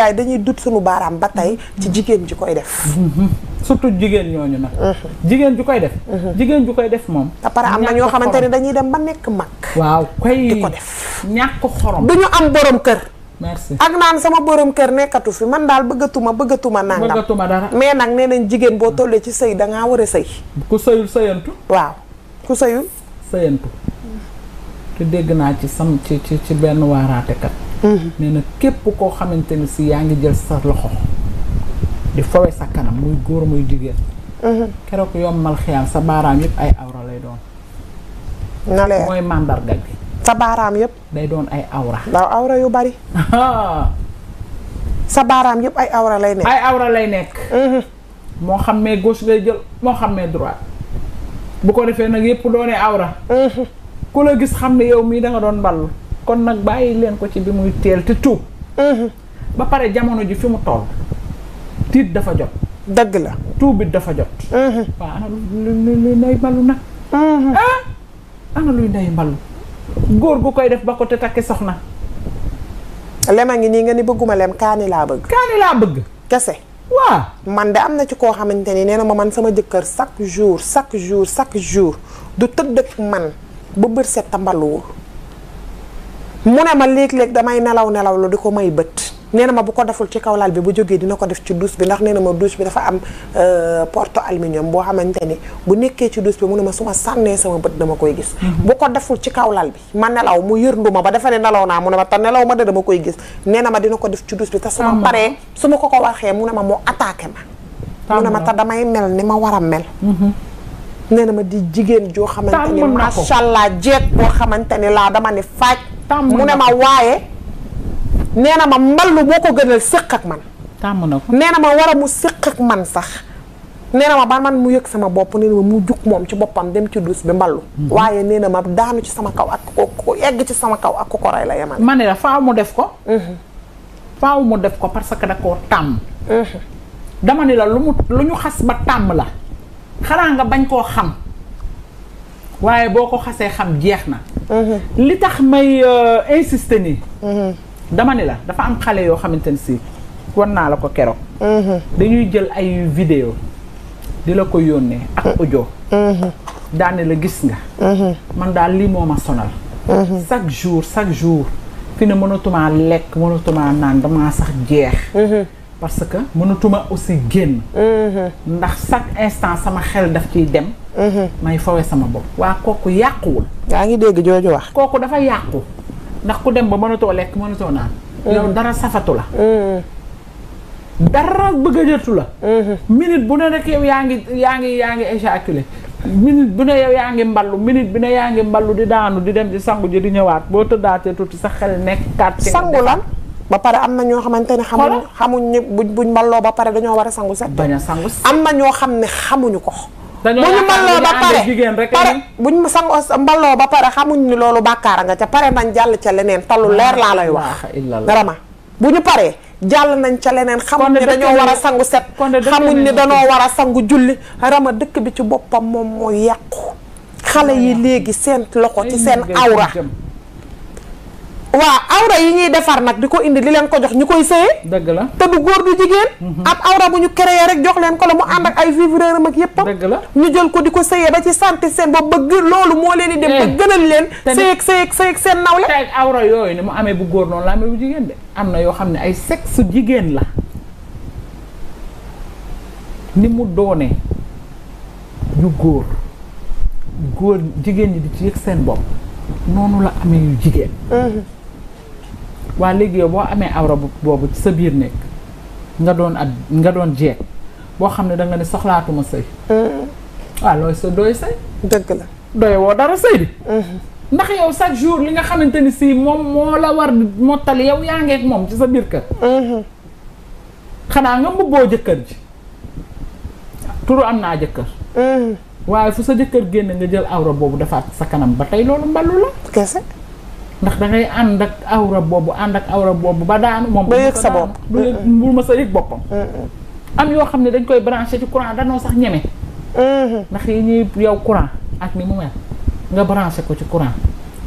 yaay dañuy dut suñu baaraam ba tey ci jigéen ji koy def mhm. surtout jigéen ñooñu nag mhm. jigéen ju koy def mhm. jigéen ju koy def moom te pare am na ñoo xamante ne dañuy dem ba nekk mag waaw koy di ko ñàkk xorom dañu am borom kër merci ak naan sama boroom kër nekkatu fi man daal bëggatuma bëggatuma nangam bëggatuma dara mais nag nee nañ jigéen boo tollee ci sëy dangaa war a sëy ku sëyul sëyantu waaw ku sëyul sëyantu te dégg naa ci sam ci ci ci benn waaraatekat Mm-hmm. nee na képp koo xamante ni si yaa ngi jël sa loxo di fowe sa kanam muy góor muy jigéen mm-hmm. keroog yombal xiyam sa baaraam yëpp ay awra lay doon na leer mooy màndarga bi sa baaraam yëpp day doon ay awra yu bari sa baaraam yëpp ay awra lay nekk ay awra lay nekk mm-hmm. moo xam ne gauche ngay jël moo xam ne droite bu ko defee nag yëpp doone awra ku la gis xam ne yow mii da doon ballu kon nag bàyyi leen ko ci bi muy teel te tuub mhm. ba pare jamono ji fi mu tool tiit dafa jot dëgg la tuub bi dafa jot mhm. waaw mhm. ah! ana luy ndey mbalu nag ana luy ndey mbalu góor gu koy def ba ko te takki soxna lema ngi nii nga ni bëgguma lem kaani laa bëgg kaani laa bëgg kese waaw man de am na ci koo xamante ni nee na ma man sama jëkkër chaque jour chaque jour chaque jour du tëdd ak man ba bër set tambaluwul mu ne ma léeg-léeg damay nelaw nelaw la di ko may bët nee na ma bu ko deful ci kaw laal bi bu jógee dina ko def ci douche bi ndax nee na ma douche bi dafa am euh, porte aluminium boo xamante ni bu nekkee ci douche bi mu ne ma su ma sànnee sama bët dama koy gis. Mm-hmm. bu ko deful ci kaw laal bi ma nelaw mu yërndu ma ba dafa ne nelaw naa mu ne ma te nelaw ma de dama koy gis nee ma dina ko def ci douche bi. te su ma paree su ma ko ko waxee mu ne ma moo attaqué ma. mu ne ma te ni ma war a mel. Mm-hmm. nee na ma di jigéen joo xamante ni macha allah jeeg boo xamante ni laa dama ne faaj mu ne ma waaye nee na ma mballu moo ko gënal séq ak man tàmm na nee na ma war a mu sëq ak man sax nee ma ba man mu yëg sama bopp nee ma mu jug moom ci boppam dem ci duus bi mballu mhm. waaye nee na ma daanu ci sama kaw ak ko egg ci sama kaw ak ko ko rey la yemal ma ne la faaw mu def ko mhm. faaw mu def ko parce que da koo tàmm mhm. dama ne la lu mu lu ñu xas ba tàmm la xanaa nga bañ koo xam waaye boo ko xasee xam jeex na. Mhm. li tax may euh, insister nii. Mhm. dama ni la dafa am xale yoo xamante ne si wan naa la ko keroog. Mhm. dañuy jël ay vidéo di la ko yónnee ak audio. daane la gis nga. man daal lii moo ma sonal. chaque jour chaque jour fi ne mënatumaa lekk mënatumaa naan damaa sax jeex. parce que mënatuma aussi génn. Mhm. ndax chaque instant sama xel daf ciy dem. Mhm. may foowe sama bopp. waa kooku yàquwul. yaa ngi dégg jooju wax. kooku dafa yàqu ndax ku dem ba mënatoo lekk mënatoo naan. yow mhm. dara safatu la. dara bëgg a jëtu la. minute bu ne rek yow yaa ngi yaa ngi yaa ngi éjaculé. minute bu ne yow yaa ngi mballu minute bi ne yaa ngi mballu di daanu di dem di sangu ji di ñëwaat boo tëddaatee tuuti sa xel nekkaat. sangu lan. ba pare am na ñoo xamante ne xamuñ xamuñ buñ buñ mbaloo ba pare dañoo war a sangu set am na ñoo xam ne xamuñu ko bu ñu mbaloo ba pare pare buñ sangu mbaloo ba pare xamuñ ni loolu bàkkaara nga ca pare nañ jàll ca leneen talu leer laa lay wax vraiment bu ñu paree jàll nañ ca leneen xamuñ ne dañoo war a sangu set xamuñ ne dañoo war a sangu julli rama dëkk bi ci boppam moom mooy yàqu xale yi léegi seen loxo ci seen awra waaw awra yi ñuy defar nag di ko indi li leen ko jox ñu koy sëye dëgg la te du góor du jigéen mhm. ab awra bu ñu créé rek jox leen ko la mu ànd ak ay vivre am ak yéppam dëgg la ñu jël ko di ko sëyee ba ci santé seen bopp ba loolu moo leen di dem ba eh. gënal leen sëyeeg sëyeeg sëyeeg seen nawle te awra yooyu ni mu amee bu góor noonu la amee bu jigéen de am na yoo xam ne ay sexe jigéen la ni mu doone yu góor góor jigéen ñi di ci yëg seen bopp noonu la amee jigéen mhm. waa léegi yow boo amee awra boobu ci sa biir nekk nga doon at nga doon jeeg boo xam ne da nga ne soxlaatuma sëy mm-hmm. waaw looy sa doy sëy dëgg la doy woo dara sëy bi mm-hmm. ndax yow chaque jour li nga xamante ni si moom moo la war mottali yow yaa ngeek moom ci sa biir kër mm-hmm. xanaa nga mbubboo jëkkër ji turu am naa jëkkër waaye fu sa jëkkër génne nga jël awra boobu defaat sa kanam ba tey loolu mballu la kese ndax da ngay ànd ak awra boobu ànd ak awra boobu ba daanu moom. ba yëg sa bopp du leen bul ma sa yëg boppam. am yoo xam ne dañ koy branché ci courant danoo sax ñeme. Mm-hmm. ndax yi ñuy yow courant ak ni mu mel nga branché ko ci courant.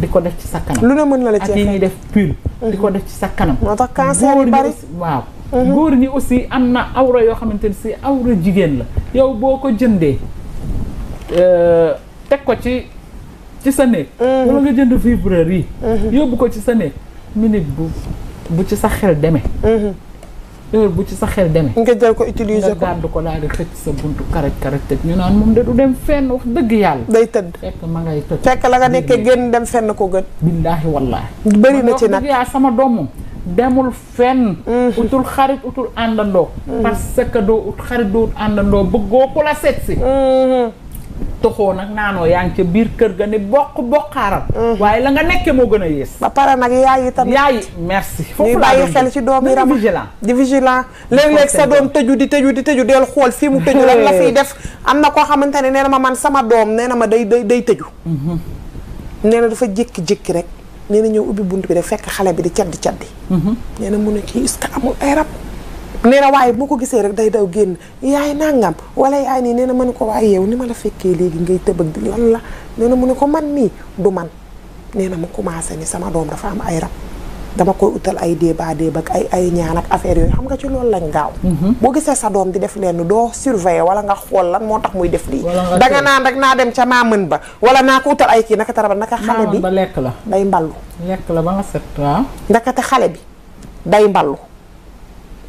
di ko def ci sa kanam lu ne mën na la ci ak yi ñuy def pile. di ko mm-hmm. def ci sa kanam. moo tax cancer yu bari waaw. Mm-hmm. góor ñi aussi am na awra yoo xamante ne si awra jigéen la. yow boo ko jëndee euh, teg ko ci. ci sa néeg mhm. wala nga jënd vibreur mhm. yóbbu ko ci sa néeg minute bu bu ci sa xel demee mhm. heure bu ci sa xel demee nga jël ko utiliser ko nga gàddu ko daal di xëcc sa buntu karaj karaj tëj ñu naan moom de du dem fenn wax dëgg yàlla day tëdd fekk ma ngay tëdd fekk la nga nekkee génn dem fenn ko gën billaahi wallaahi bëri na ci nag yaa sama doom moom demul fenn utul xarit utul àndandoo parce que doo ut xarit doo ut àndandoo bëggoo ku la seet si toxoo nag naanoo yaa ngi ca biir kër ga ni bokk bokkaaral mhm. waaye la nga nekkee moo gën a yées ba pare nag yaay yi tamit yaay merci foofu laa bàyyi xel ci doom yi ram vigilant di vigilant léeg-léeg sa doom tëju di tëju di tëju del xool fii mu tëju lan la fiy def am na koo xamante ne nee na ma man sama doom nee na ma day day day tëju mhm. ne na dafa jékki-jékki rek nee na ñëw ubbi bunt bi def fekk xale bi di caddi caddi mhm. nee na mun a kii est ay rab nee na waaye bu ko gisee rek day daw génn yaay nangam wala yaay nii nee na ma ne ko waaye yow ni ma la fekkee léegi ngay tëbëg di lan na mu ne ko man mii du man nee na mu commencé ni sama doom dafa am ay rab dama koy utal ay débat débat ak ay ay ñaan ak affaire yooyu xam nga ci loolu lañ gaaw. Mhm. boo gisee sa doom di def lenn doo surveiller wala nga xool lan moo tax muy def lii. danga naan rek naa dem ca maa ba. wala naa ko utal ay kii naka taraba naka. xale bi ba lekk la day mballu. lekk la ba nga set waaw. ndakate xale bi day mballu.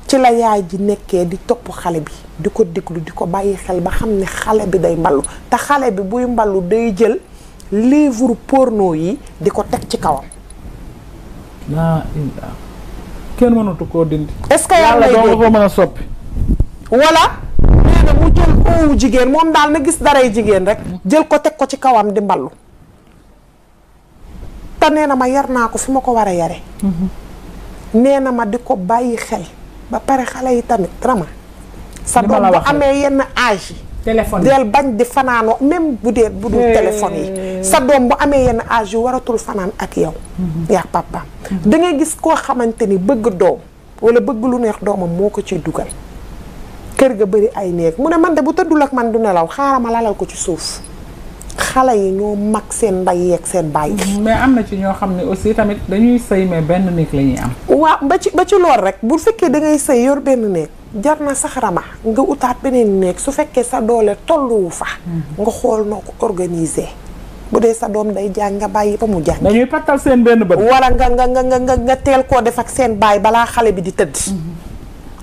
ci la yaay ji nekkee di topp xale bi di ko déglu di ko bàyyi xel ba xam ne xale bi day mballu te xale bi buy mballu day jël livre porno yi di ko teg ci kawam. naa kenn mënatu koo dindi. est-ce yàlla doo ko mën a mu jël koowu jigéen moom daal na gis daray jigéen rek. jël ko teg ko ci kawam di mballu. te nee na ma yar naa ko fi ma ko war a yare. Mhm. nee na ma di ko bàyyi xel. ba pare xale yi tamit rama sa doom bu amee yenn âge yi téléphone del bañ di fanaanoo même bu dee bu dul téléphone yi sa doom bu amee yenn âge yu waratul fanaan ak yow mm-hmm. yaa papaam da gis koo xamante ni bëgg doom wala bëgg lu neex doomam moo ko ciy dugal kër ga bëri ay néeg mu ne man de bu tëddul ak man du nelaw xaaral ma lalal ko ci suuf xale yi ñoo mag seen ndey yeeg seen baay. mais am na ci ñoo xam ne aussi tamit dañuy sëy mais benn néeg la am. waaw ba ci ba ci lool rek bu fekkee da ngay sëy yor benn néeg jar na sax rama nga utaat beneen néeg su fekkee sa doole tolluwu fa. Mhm. nga xool noo ko organiser. bu dee sa doom day jàng nga bàyyi ba mu jàng. dañuy pattal seen benn bët. wala nga nga nga nga nga teel koo def ak seen baay balaa xale bi di tëdd. Mhm.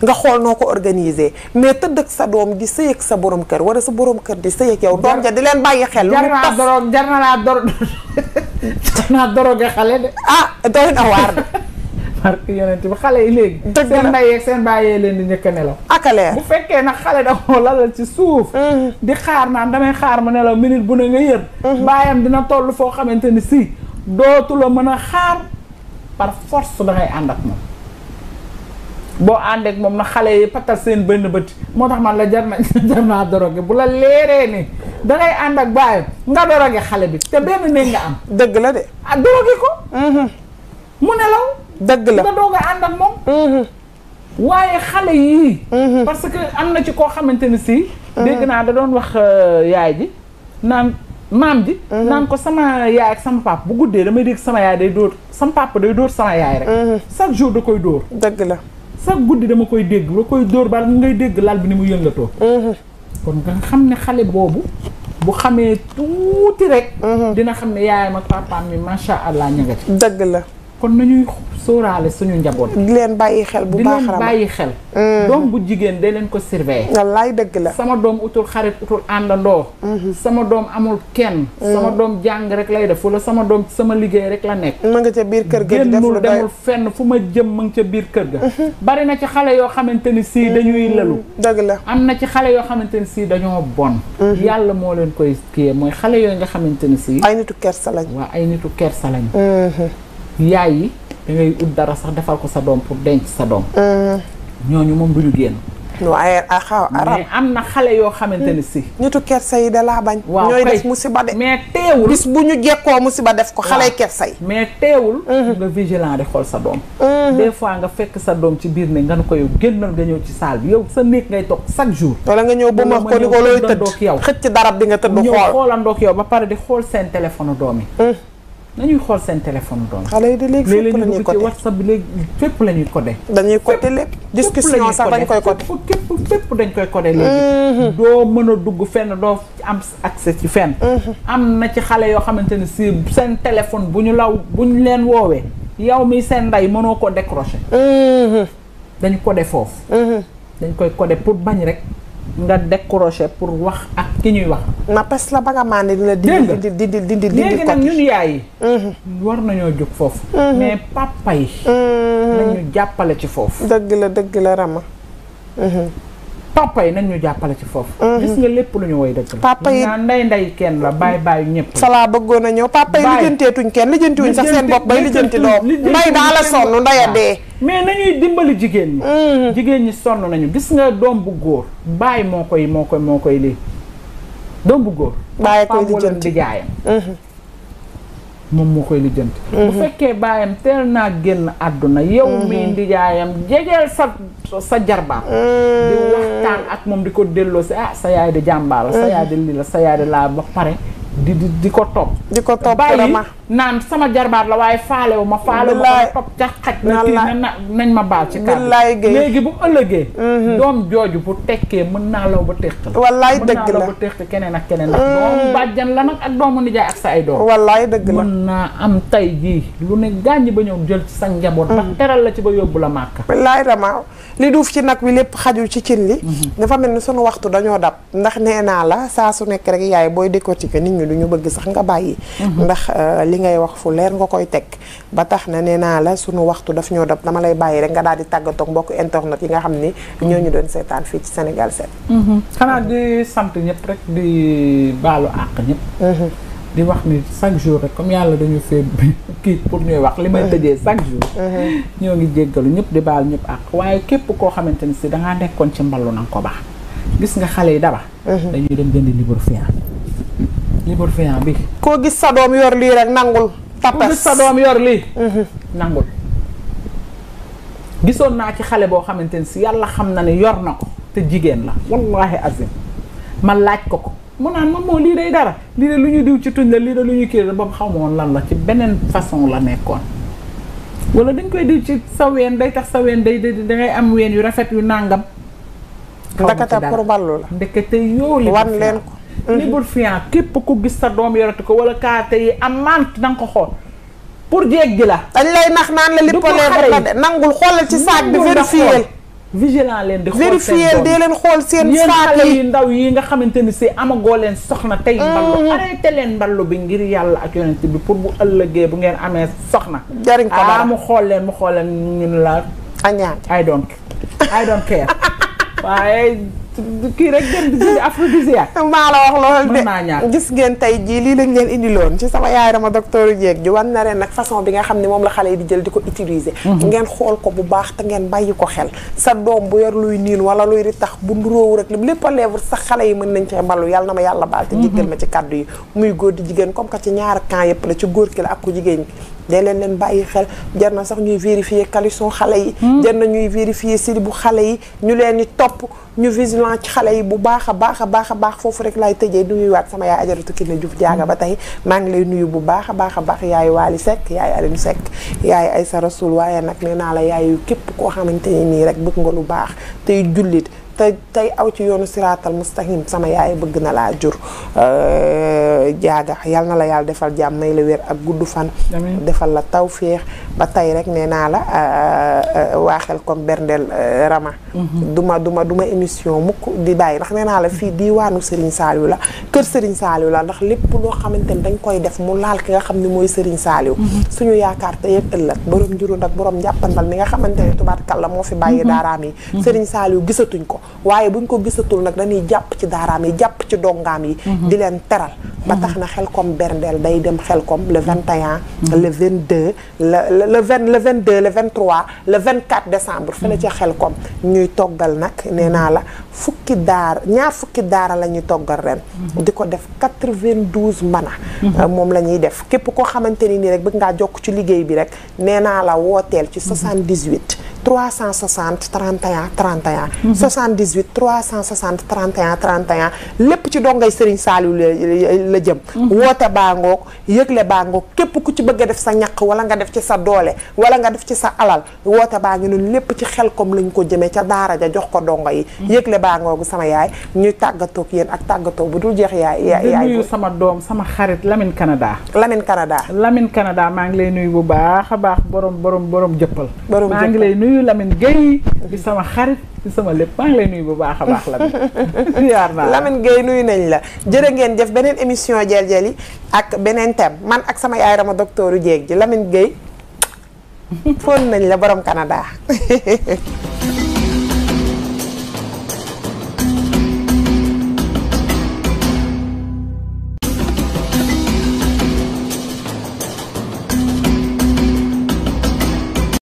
nga xool noo ko organiser mais tëdd ak sa doom di sëy sa borom kër wala sa borom kër di sëy ak yow. doom ja di leen bàyyi xel. lu mu tas jar naa doro naa doro ga xale de. ah doy na de. marque yonent bi xale yi léegi. dëgg la seen ndey bàyyee leen di njëkk a nelaw. ak bu fekkee nag xale da koo lalal ci suuf. Mm. di xaar naan damay xaar mu nelaw minute bu ne nga yër. Mm-hmm. bàyyam dina toll foo xamante ni si dootula mën a xaar par force dangay ànd ak moom. boo ànd ak moom na xale yi patal seen benn bët moo tax man la jar na jar naa doroge bu la leeree ni dangay ànd ak bàyyi nga doroge xale bi te benn néeg nga am. dëgg la de. ah doroge ko. Mhm. mu nelaw. dëgg la nga doog mhm. xale yii. Mhm. parce que am na ci koo xamante ni si. dégg naa da doon wax euh, yaay ji naan maam ji. naan ko sama yaay ak sama papa bu guddee damay dégg sama yaay day dóor sama papa day dóor sama yaay rek. chaque jour da koy dóor. dëgg la. sax guddi dama koy dégg la koy dóor baal ngay dégg laal bi ni mu yëngatoo. Mhm. kon nga xam ne xale boobu bu xamee tuuti rek. Mhm. dina xam ne yaayam a papaam mi macha allah ña nga ci. dëgg la. kon nañuy sóoraale suñu njaboot. di leen bàyyi xel bu baax di leen mm. bu jigéen day leen ko surveiller. wallaay dëgg la sama doom utul xarit utul àndandoo. Mm-hmm. sama doom amul kenn. Mm. sama doom jàng rek lay def wala sama doom sama liggéey rek la nekk. ma nga ca biir kër ga di def lu demul fenn fu ma jëm ma nga ca biir kër ga. Mm-hmm. bari na ci xale yoo xamante ni sii mm-hmm. dañuy lelu. dëgg la am na ci xale yoo xamante ni sii dañoo bon. yàlla moo leen koy kiyee mooy xale yooyu nga xamante ni sii. ay nitu kersa lañ. waaw ay nitu kersa lañ. yaay yi ut dara sax defal ko sa doom pour denc sa doom. Euh. ñooñu moom du ñu génn. waaye xaw arab am na xale yoo xamante ne si. Hmm, nitu kersa yi da laa bañ. waaw ñooy def musiba de. mais teewul bis bu ñu jekkoo musiba def ko xale kersa mais teewul. Hmm. nga vigilant di xool sa doom. Hmm. des fois nga fekk sa doom ci biir ne nga ne ko yow génnal nga ñëw ci salle bi yow sa néeg ngay toog chaque jour. wala nga ñëw ba ma ko ni ko looy tëdd xëcc darab bi nga tëdd xool. ñëw ndook yow ba pare di xool seen téléphone doom yi. nañuy xool seen téléphone donc. xale yi de léegi fépp la ñuy côté léegi la ñuy dugg ci ñuy codé. dañuy codé lépp discussion sax dañ koy codé fépp dañ koy codé léegi. Mm-hmm. doo mën a dugg fenn doo am accès ci fenn. Mm-hmm. am na ci xale yoo xamante ne si seen téléphone bu ñu law bu ñu leen woowee yow mi seen ndey mënoo ko décroché. Mm-hmm. dañ codé foofu. dañ koy codé pour bañ rek. nga décroché pour wax ak ki ñuy wax. ma pes la ba nga maa ne di la. dindi di di di di léegi nag yi. Mhm. war nañoo jóg foofu. Mhm. mais mhm. jàppale ci foofu. dëgg la dëgg la Rama. papa yi nañ ñu jàppale ci foofu. Mhm. gis nga lépp lu ñu woy dëgg la. papa yi naan nday nday kenn la bàyyi bàyyi ñëpp. sala bëggoon a ñëw papa yi lijjanteetuñ kenn lijjantiwuñ sax seen bopp bay lijjanti doom nday daa la sonn nday a dee. mais nañuy dimbali jigéen ñi. Mhm. jigéen ñi sonn nañu gis nga doom bu góor bàyyi moo koy moo koy moo koy lii doom bu góor. bàyyi koy lijjanti moom moo koy lijjanti. bu mhm. fekkee baayam teel naa génn àdduna. yow mhm. mii ndijaayam jegeel sa sa jarbaam. Mhm. di waxtaan ak moom di ko delloo si ah sa yaay di jàmbaar la. sa yaay di lii la sa yaay di laa ba pare. di di di ko topp. di ko topp vraiment naan sama jarbaat la waaye faalewu ma. faalewu ma ma topp ca xaj. na nañ ma baal ci kàddu. léegi bu ëllëgee. Mhm. doom jooju bu tekkee mën naa law ba teq la. wallaay dëgg la mën naa keneen ak keneen. ak mhm. doomu bàjjan la nag ak doomu nijaay ak sa ay doom. wallaay dëgg la mën naa am tay jii lu ne gaañ ba ñëw jël ci sa njaboot. Mhm. ndax teral la ci ba yóbbu la màkk. li duuf ci nag wi lépp xajul ci cin li dafa mel ni sunu waxtu dañoo dab ndax nee naa la saa su nekk rek yaay booy décortiquer nit ñi du ñu bëgg sax nga bàyyi mhm. ndax euh, li ngay wax fu leer nga koy teg ba tax na ne naa la sunu waxtu daf ñoo dab dama lay bàyyi rek nga daal di tàggatoog mbokk internet yi nga xam ni mhm. ñoo ñu doon seetaan fii ci Sénégal 7 mhm. xanaa di sant ñëpp rek di baalu àq ñëpp di wax ni chaque jour rek comme yàlla dañu fee kii pour ñuy wax li may uh-huh. tëjee chaque jour. Uh-huh. ñoo ngi jéggalu ñëpp di baal ñëpp ak waaye képp koo xamante ni si dangaa nekkoon ci mballu na ko baax gis nga xale yi daba. Uh-huh. dañuy dem jëndi lubrifiant. lubrifiant bi. koo gis sa doom yor lii rek nangul. tapes koo gis yor lii. nangul. gisoon naa ci xale boo xamante ni si yàlla xam na ne yor na ko te jigéen la wallaahi azim ma laaj ko ko. mu naan man moo lii day dara lii de lu ñu diw ci tuñ la lii de lu ñu kii la ba mu xamoon lan la ci beneen façon la nekkoon wala dañ koy diw ci sa ween day tax sa ween day da dangay am ween yu rafet yu nàngam ndekete pour ballu la ndekete wan leen ko mhm. Librefient képp ku gis sa doom yorati ko wala kaate yi am maan na nga ko xool pour jéeg ji la dañ lay nax naan la lippaleer la de nangul xoolal ci saag bi vérifier vigilant leen di. xool seen doom vérifier dee leen yi yu ndaw yi nga xamante ni si amagoo leen soxna tey. Mm-hmm. mballu arrêté leen mballu bi ngir yàlla ak yonent bi pour bu ëllëgee bu ngeen amee soxna. jariñ ko dara ah, mu xool leen mu xool leen ñun la. añaan I don't I don't care waaye. kii rek dem di jëndi aphrodisiaque maa la wax loolu de gis ngeen tey jii lii lañ leen indiloon ci sama yaay Rama docteur Dieg ji wan na nag façon bi nga xam ne moom la xale yi di jël di ko utiliser mhm. ngeen xool ko bu baax te ngeen bàyyi ko xel sa doom bu yor luy niin wala luy di tax bu nduróowu lépp a sax xale yi mën nañ cee mbalu yàlla na ma yàlla baal te mhm. jéggal ma ci kàddu yi muy góor di jigéen comme que ci ñaar camp yëpp la ci góor ki la ak ku jigéen bi day leen leen bàyyi xel jar na sax ñuy vérifier caleçon xale yi mhm. jar na ñuy vérifier sili bu yi talent ci xale yi bu baax a baax a baax a baax foofu rek laay tëjee nuyuwaat sama yaay ajaratu ki ne Diouf jaaga ba tey maa ngi lay nuyu bu baax a baax a baax yaay Waly Seck yaay Alioune Seck yaay Aïssa Rasoul waaye nag nee naa la yaayu képp koo xamante ne nii rek bëgg nga lu baax tey jullit te tey aw ci yoonu siraatal mustaqim sama yaay bëgg na laa jur euh, jaaga yal na la yàlla defal jàmm may la wér ak gudd fan defal la tawféex ba tey rek nee naa la euh, euh, waaxel comme berndeel rama mhm. duma duma duma émission mukk di bàyyi ndax nee naa la fii diwaanu Serigne Saliou la kër Serigne Saliou la ndax lépp loo xamante ni dañ koy def mu laal ki nga xam ni mooy Serigne Saliou mhm. suñu yaakaar tey ak ëllëg borom njurund ak borom njàppandal mi nga xamante kal la moo fi bàyyi mhm. daaraam yi gisatuñ ko waaye buñ ko gisatul nag dañuy jàpp ci daaraam yi jàpp ci dongaam yi mhm. di leen teral ba tax na xelkom berndeel day dem xelkom le 21. le 22 le le 20 la 22 le 23 le 24 décembre. fële ca xelkom ñuy toggal nag nee naa la fukki daara ñaar fukki daara la ñuy toggal ren. di ko def 92 mana. Mhm. moom la ñuy def képp koo xamante ni nii rek bëgg ngaa jokk ci liggéey bi rek nee naa la wooteel ci 78. 360 31 31. 78 360 31 31 lépp. ci dongay Serigne Saliou la jëm mhm. woote baa ngoog yëgle baa ngoog képp ku ci bëgg a def sa ñaq wala nga def ci sa doole wala nga def ci sa alal woote baa ngi noonu lépp ci xel Xelcom lañ ko jëmee ca daara jox ko dongo yi mhm. yëgle baa ngoogu sama yaay ñuy tàggatoog yéen ak tàggatoo bu dul jeex yaay yaay sama doom sama xarit Lamine Canada Lamine Canada Lamine Canada maa ngi lay nuyu bu baax a baax borom borom boroom jëppal maa ngi lay nuyu Lamine Gueye bi sama xarit ci sama lépp maa ngi bu baax a baax Lamine. yaar naa Lamine nuyu nañ la jërë ngeen jëf beneen émission jël jël yi ak beneen thème man ak sama yaay Rama docteur Dieg ji Lamine Gueye fóon nañ la borom kanadaa